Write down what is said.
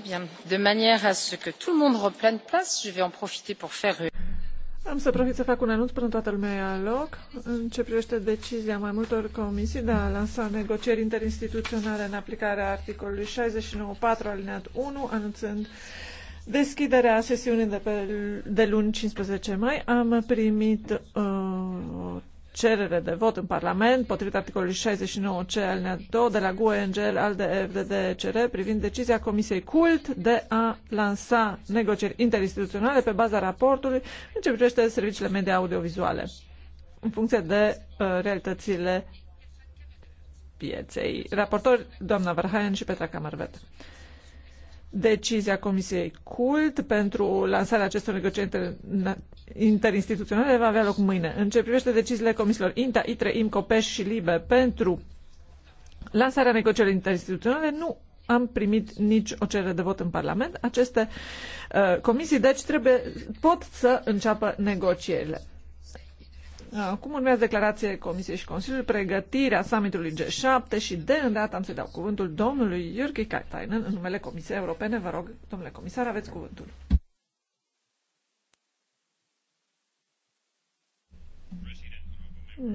de am să profit să fac un anunț până toată lumea la loc în ce privește decizia mai multor comisii de a lansa negocieri interinstituționale în aplicarea articolului 69.4 alineat 1, anunțând deschiderea sesiunii de, pe, de luni 15 mai. Am primit uh, cerere de vot în Parlament, potrivit articolului 69C alineat 2 de la GUE, NGL, ALDE, FDD, privind decizia Comisiei CULT de a lansa negocieri interinstituționale pe baza raportului în ce privește serviciile media audiovizuale, în funcție de uh, realitățile pieței. Raportori, doamna Verhaen și Petra Camarvet decizia Comisiei CULT pentru lansarea acestor negocieri inter interinstituționale va avea loc mâine. În ce privește deciziile comisiilor INTA, ITRE, IMCO, PES și LIBE pentru lansarea negocierilor interinstituționale, nu am primit nici o cerere de vot în Parlament. Aceste uh, comisii, deci, trebuie, pot să înceapă negocierile. Cum urmează declarație Comisiei și Consiliului, pregătirea summitului G7 și de îndată am să dau cuvântul domnului Jurgi Kaitainen în numele Comisiei Europene. Vă rog, domnule comisar, aveți cuvântul.